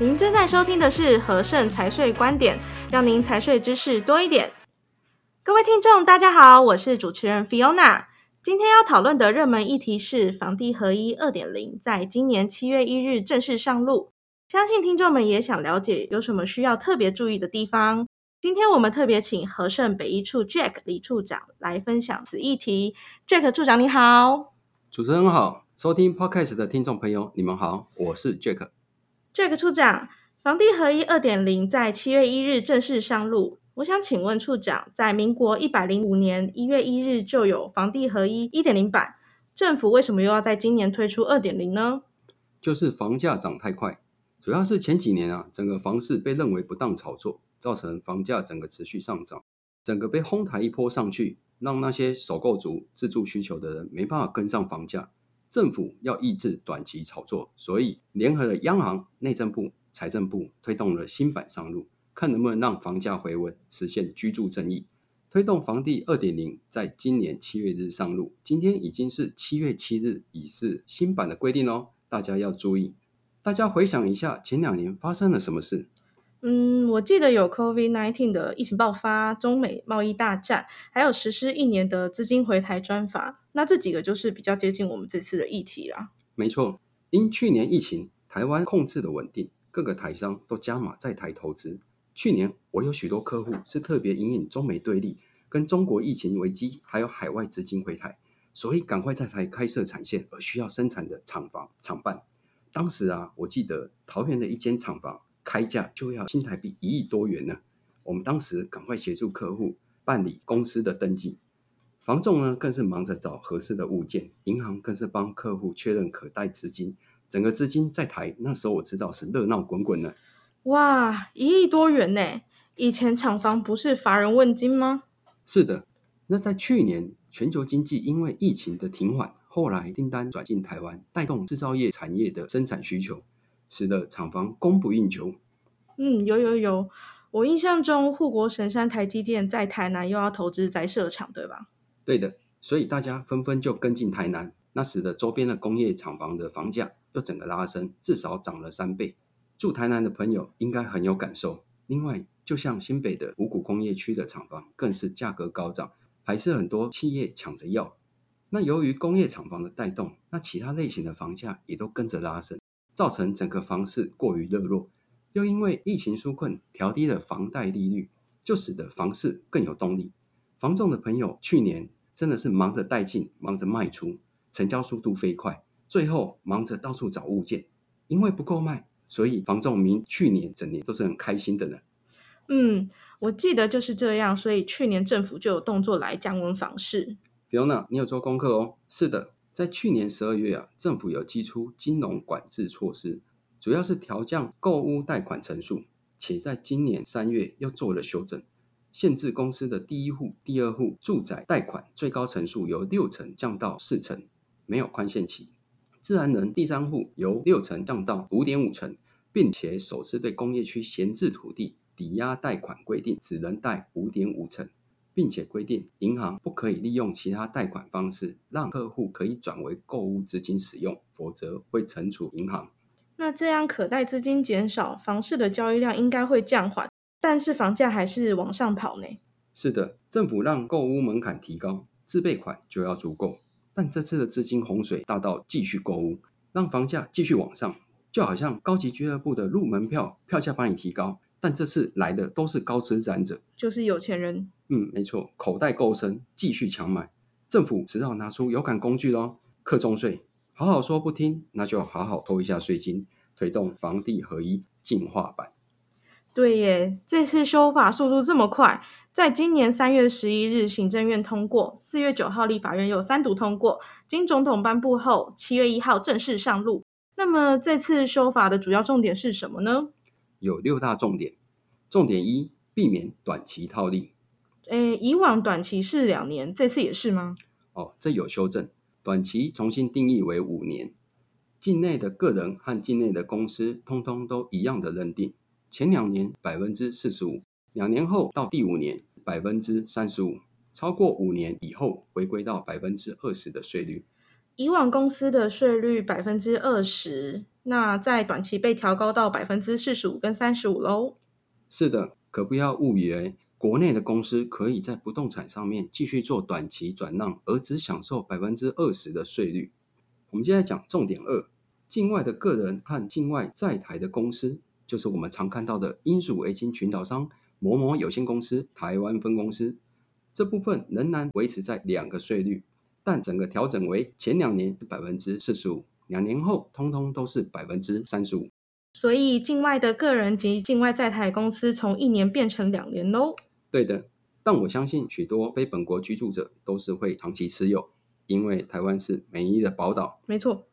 您正在收聽的是荷盛財稅觀點，讓您財稅知識多一點。各位聽眾，大家好，我是主持人 Fiona。今天要討論的熱門議題是房地合一二點零，在今年七月一日正式上路。相信聽眾們也想了解，有什麼需要特別注意的地方。今天我們特別請荷盛北一處 Jack 李處長來分享此議題。Jack 處長你好。主持人好，收聽 podcast 的聽眾朋友你們好，我是 Jack。Jack 處長，房地合一二點零在七月一日正式上路。我想請問處長，在民國一百零五年一月一日就有房地合一一點零版，政府為什麼又要在今年推出二點零呢？就是房價漲太快，主要是前幾年啊，整個房市被認為不當炒作，造成房價整個持續上漲，整個被哄抬一波上去，讓那些首購族、自住需求的人沒辦法跟上房價。政府要抑制短期炒作，所以聯合了央行、內政部、財政部，推動了新版上路，看能不能讓房價回穩，實現居住正義。推動房地二點零在今年七月一日上路，今天已經是七月七日，已是新版的規定哦，大家要注意。大家回想一下前兩年發生了什麼事？嗯，我記得有 COVID-19 的疫情爆發、中美貿易大戰，還有實施一年的資金回台專法。那這幾個就是比較接近我們這次的議題啦。沒錯，因去年疫情，台灣控制的穩定，各個台商都加碼在台投資。去年我有許多客戶是特別引領中美對立，跟中國疫情危機，還有海外資金回台，所以趕快在台開設產線而需要生產的廠房廠辦。當時啊，我記得桃園的一間廠房開價就要新台幣一億多元呢，啊。我們當時趕快協助客戶辦理公司的登記。房仲呢，更是忙着找合適的物件，銀行更是幫客戶確認可貸資金，整個資金在台，那時候我知道是熱鬧滾滾呢。哇，一億多元呢，以前廠房不是乏人問津嗎？是的，那在去年全球經濟因為疫情的停緩，後來訂單轉進台灣，帶動製造業產業的生產需求，使得廠房供不應求。嗯，有有有，我印象中護國神山台積電在台南又要投資再設廠，對吧？對的，所以大家紛紛就跟進台南，那使得周邊的工業廠房的房價又整個拉升，至少漲了三倍。住台南的朋友應該很有感受。另外，就像新北的五股工業區的廠房，更是價格高漲，還是很多企業搶着要。那由於工業廠房的帶動，那其他類型的房價也都跟着拉升，造成整個房市過於熱絡。又因為疫情紓困，調低了房貸利率，就使得房市更有動力。房仲的朋友去年。真的是忙着帶進，忙着賣出，成交速度飛快，最後忙着到處找物件，因為不夠賣，所以房仲們去年整年都是很開心的呢。嗯，我記得就是這樣，所以去年政府就有動作來降溫房市。Fiona，你有做功課哦。是的，在去年十二月啊，政府有祭出金融管制措施，主要是調降購屋貸款成數，且在今年三月又做了修正。限制公司的第一戶、第二戶住宅貸款最高成數由六成降到四成，沒有寬限期；自然人第三戶由六成降到五點五成，並且首次對工業區閒置土地抵押貸款規定只能貸五點五成，並且規定銀行不可以利用其他貸款方式讓客戶可以轉為購物資金使用，否則會懲處銀行。那這樣可貸資金減少，房市的交易量應該會降緩。但是房價還是往上跑呢？是的，政府讓購屋門檻提高，自備款就要足夠。但這次的資金洪水，大到繼續購屋，讓房價繼續往上，就好像高級俱樂部的入門票票價幫你提高。但這次來的都是高資產者，就是有錢人。嗯，沒錯，口袋夠深，繼續搶買。政府只好拿出有感工具咯，課重稅，好好說不聽，那就好好抽一下稅金，推動房地合一進化版。對耶，這次修法速度這麼快，在今年三月十一日，行政院通過，四月九號立法院有三讀通過，經總統頒布後，七月一號正式上路。那麼這次修法的主要重點是什麼呢？有六大重點。重點一，避免短期套利。誒，以往短期是兩年，這次也是嗎？哦，這有修正，短期重新定義為五年，境內的個人和境內的公司，通通都一樣的認定。前兩年百分之四十五，兩年後到第五年百分之三十五，超過五年以後回歸到百分之二十的稅率。以往公司的稅率百分之二十，那在短期被調高到百分之四十五跟三十五嘍？是的，可不要誤以為國內的公司可以在不動產上面繼續做短期轉讓，而只享受百分之二十的稅率。我們現在講重點二：境外的個人和境外在台的公司。就是我們常看到的英屬維京群島商某某有限公司台灣分公司，這部分仍然維持在兩個稅率，但整個調整為前兩年是百分之四十五，兩年後通通都是百分之三十五。所以境外的個人及境外在台公司從一年變成兩年囉？對的，但我相信許多非本國居住者都是會長期持有，因為台灣是美麗的寶島。沒錯。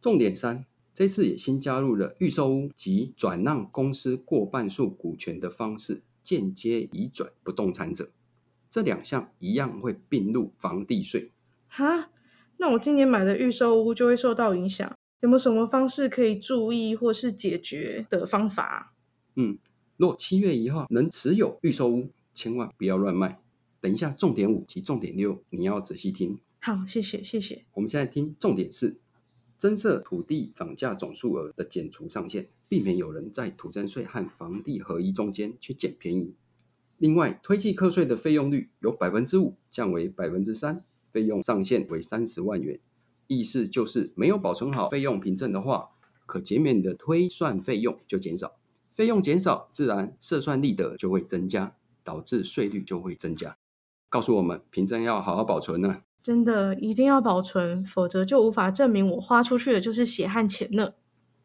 重點三，這次也新加入了預售屋及轉讓公司過半數股權的方式間接移轉不動產者，這兩項一樣會併入房地稅。哈，那我今年買的預售屋就會受到影響？有沒有什麼方式可以注意或是解決的方法？嗯，若七月一號能持有預售屋，千萬不要亂賣。等一下，重點五及重點六，你要仔細聽。好，謝謝，謝謝。我們現在聽重點四。增設土地漲價總數額的減除上限，避免有人在土增稅和房地合一中間去撿便宜。另外，推計課稅的費用率由百分之五降為百分之三，費用上限為三十萬元。意思就是，沒有保存好費用憑證的話，可減免的推算費用就減少，費用減少，自然設算利得就會增加，導致稅率就會增加。告訴我們，憑證要好好保存呢、啊。真的一定要保存，否則就無法證明我花出去的就是血汗錢呢，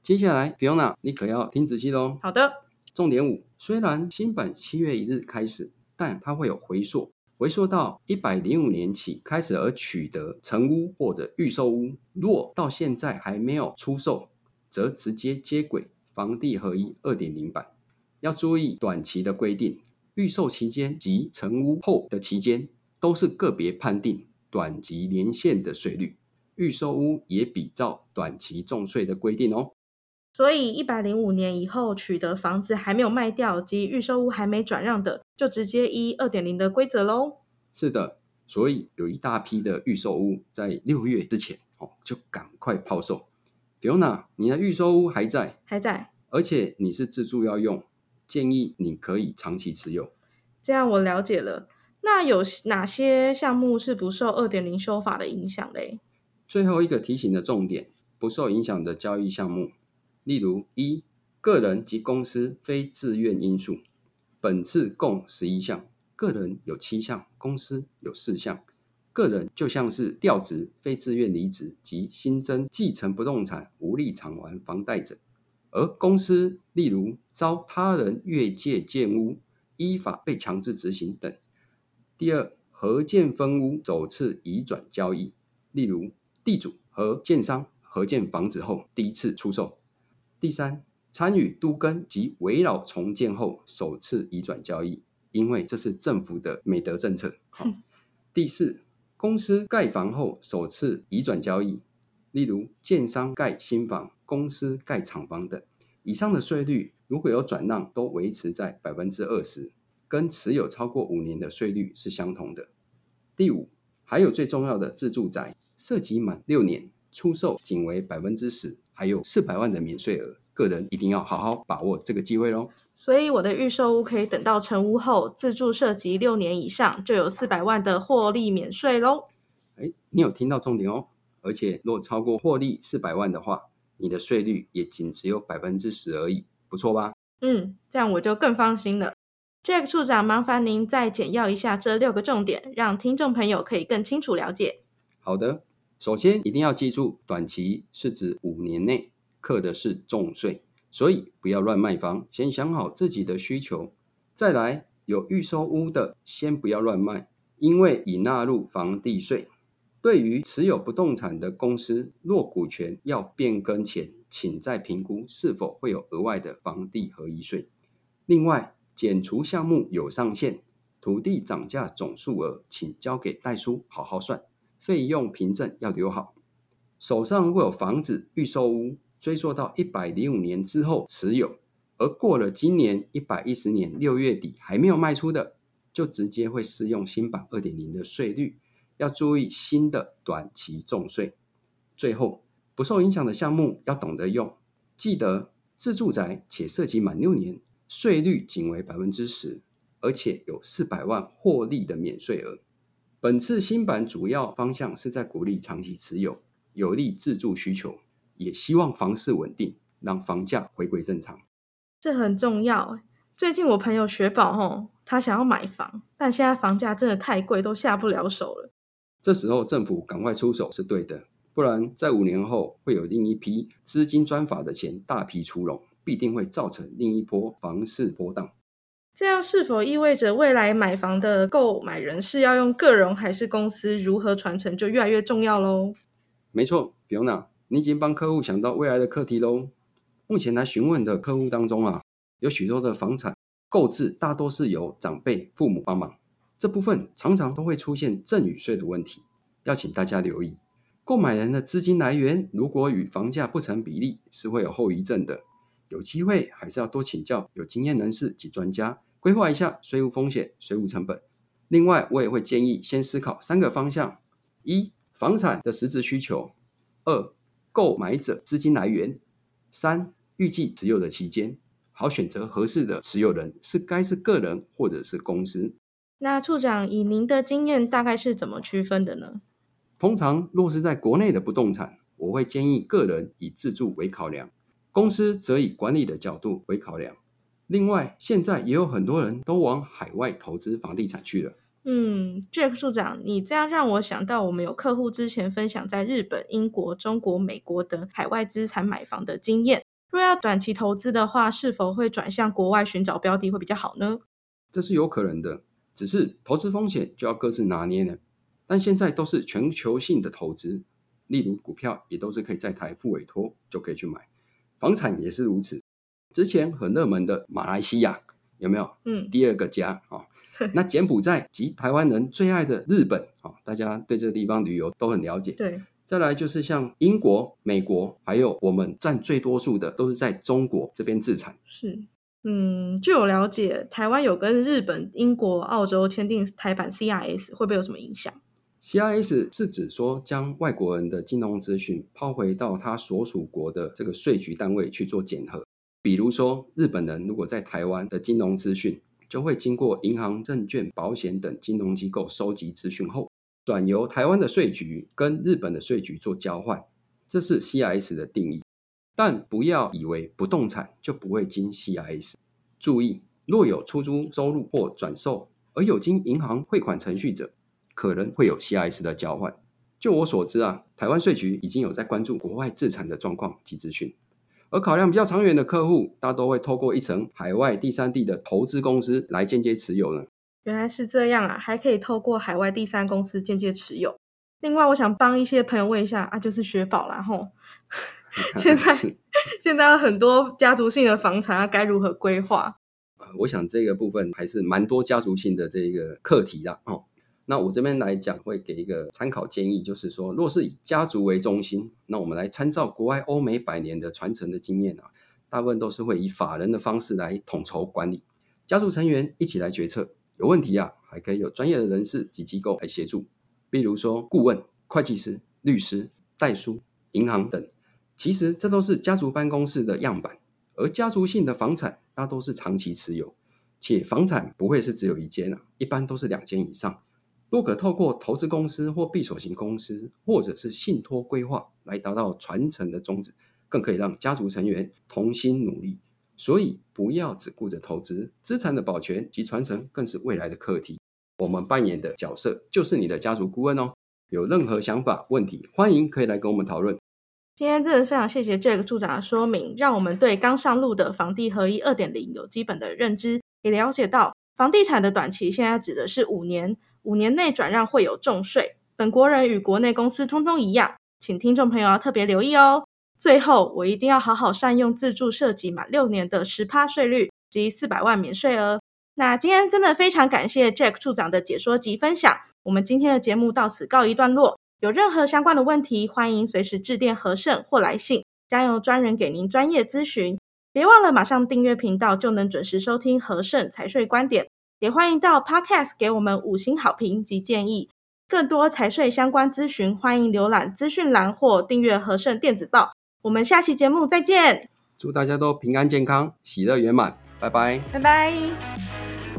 接下來，Piona，你可要聽仔細嘍。好的。重點五：雖然新版七月一日開始，但它會有回溯。回溯到一百零五年起開始而取得成屋或者預售屋，若到現在還沒有出售，則直接接軌房地合一二點零版。要注意短期的規定，預售期間及成屋後的期間都是個別判定。短期年限的稅率，預售屋也比照短期重稅的規定哦。所以一百零五年以後取得房子還沒有賣掉及預售屋還沒轉讓的，就直接依二點零的規則嘍。是的，所以有一大批的預售屋在六月之前哦，就趕快拋售。Diona，你的預售屋還在？還在。而且你是自住要用，建議你可以長期持有。這樣我了解了。那有哪些項目是不受二點零修法的影響嘞？最後一個提醒的重點，不受影響的交易項目，例如：一、個人及公司非自願因素，本次共十一項，個人有七項，公司有四項。個人就像是調職、非自願離職及新增繼承不動產無力償還房貸者，而公司例如遭他人越界建屋、依法被強制執行等。第二，合建分屋首次移轉交易，例如地主和建商合建房子後第一次出售。第三，參與都更及危老重建後首次移轉交易，因為這是政府的美德政策。好、哦， 第四，公司蓋房後首次移轉交易，例如建商蓋新房、公司蓋廠房等。以上的稅率如果有轉讓，都維持在百分之二十。跟持有超過五年的稅率是相同的。第五，還有最重要的自住宅，設籍滿六年出售，僅為百分之十，還有四百萬的免稅額，個人一定要好好把握這個機會咯。所以我的預售屋可以等到成屋後，自住設籍六年以上，就有四百萬的獲利免稅咯。哎，你有聽到重點哦。而且如果超過獲利四百萬的話，你的稅率也僅只有百分之十而已，不錯吧？嗯，這樣我就更放心了。Jack 處長，麻煩您再簡要一下這六個重點，讓聽眾朋友可以更清楚了解。好的，首先一定要記住，短期是指五年內，課的是重稅，所以不要亂賣房，先想好自己的需求。再來，有預售屋的，先不要亂賣，因為已納入房地稅。對於持有不動產的公司，若股權要變更前，請再評估是否會有額外的房地合一稅。另外，減除項目有上限，土地漲價總數額，請交給代書好好算。費用憑證要留好。手上如果有房子、預售屋，追溯到一百零五年之後持有，而過了今年一百一十年六月底還沒有賣出的，就直接會適用新版二點零的稅率。要注意新的短期重稅。最後，不受影響的項目要懂得用。記得自住宅且涉及滿六年。稅率僅為百分之十，而且有四百萬獲利的免稅額。本次新版主要方向是在鼓勵長期持有，有利自住需求，也希望房市穩定，讓房價回歸正常。這很重要。最近我朋友雪寶吼，他想要買房，但現在房價真的太貴，都下不了手了。這時候政府趕快出手是對的，不然在五年後會有另一批資金專法的錢大批出籠。必定會造成另一波房市波盪。這樣是否意味着未來買房的購買人是要用個人還是公司，如何傳承就越來越重要嘍？沒錯，比歐娜，你已經幫客戶想到未來的課題嘍。目前來詢問的客戶當中啊，有許多的房產購置大多是由長輩、父母幫忙，這部分常常都會出現贈與稅的問題，要請大家留意。購買人的資金來源如果與房價不成比例，是會有後遺症的。有機會還是要多請教有經驗人士及專家，規劃一下稅務風險、稅務成本。另外，我也會建議先思考三個方向：一、房產的實質需求；二、購買者資金來源；三、預計持有的期間，好選擇合適的持有人，是該是個人或者是公司。那處長，以您的經驗，大概是怎麼區分的呢？通常，若是在國內的不動產，我會建議個人以自住為考量。公司則以管理的角度為考量。另外，現在也有很多人都往海外投資房地產去了。嗯，Jack 處長，你這樣讓我想到，我們有客戶之前分享在日本、英國、中國、美國等海外資產買房的經驗。若要短期投資的話，是否會轉向國外尋找標的會比較好呢？這是有可能的，只是投資風險就要各自拿捏了。但現在都是全球性的投資，例如股票也都是可以在台複委託就可以去買。房產也是如此，之前很熱門的馬來西亞有沒有？嗯，第二個家 哦。那柬埔寨及台灣人最愛的日本啊，哦，大家對這個地方旅遊都很了解。對，再來就是像英國、美國，還有我們占最多數的都是在中國這邊自產。是，嗯，據我了解，台灣有跟日本、英國、澳洲簽訂台版 CRS，會不會有什麼影響？CIS 是指說，將外國人的金融資訊拋回到他所屬國的這個稅局單位去做檢核。比如說，日本人如果在台灣的金融資訊，就會經過銀行、證券、保險等金融機構收集資訊後，轉由台灣的稅局跟日本的稅局做交換。這是 CIS 的定義。但不要以為不動產就不會經 CIS。注意，若有出租收入或轉售，而有經銀行匯款程序者。可能會有 CRS 的交換。就我所知啊，台灣稅局已經有在關注國外資產的狀況及資訊。而考量比較長遠的客戶，大多會透過一層海外第三地的投資公司來間接持有呢。原來是這樣啊，還可以透過海外第三公司間接持有。另外，我想幫一些朋友問一下啊，就是雪寶啦吼， 現在 現在有很多家族性的房產啊，該如何規劃？我想這個部分還是蠻多家族性的這個課題的哦。吼那我這邊來講，會給一個參考建議，就是說，若是以家族為中心，那我們來參照國外歐美百年的傳承的經驗啊，大部分都是會以法人的方式來統籌管理，家族成員一起來決策，有問題啊，還可以有專業的人士及機構來協助，比如說顧問、會計師、律師、代書、銀行等，其實這都是家族辦公室的樣板，而家族性的房產大都是長期持有，且房產不會是只有一間啊，一般都是兩間以上。若可透過投資公司或閉鎖性公司，或者是信託規劃來達到傳承的宗旨，更可以讓家族成員同心努力。所以，不要只顧着投資，資產的保全及傳承更是未來的課題。我們扮演的角色就是你的家族顧問哦。有任何想法、問題，歡迎可以來跟我們討論。今天真的非常謝謝 Jack 處長的說明，讓我們對剛上路的房地合一二點零有基本的認知，也了解到房地產的短期現在指的是五年。五年內轉讓會有重稅，本國人與國內公司通通一樣，請聽眾朋友要特別留意哦。最後，我一定要好好善用自住設籍滿六年的十趴稅率及四百萬免稅額。那今天真的非常感謝 Jack 處長的解說及分享，我們今天的節目到此告一段落。有任何相關的問題，歡迎隨時致電荷盛或來信，將由專人給您專業諮詢。別忘了馬上訂閱頻道，就能準時收聽荷盛財稅觀點。也歡迎到 Podcast 給我們五星好評及建議。更多財稅相關資訊，歡迎瀏覽資訊欄或訂閱荷盛電子報。我們下期節目再見！祝大家都平安健康、喜樂圓滿，拜拜！拜拜。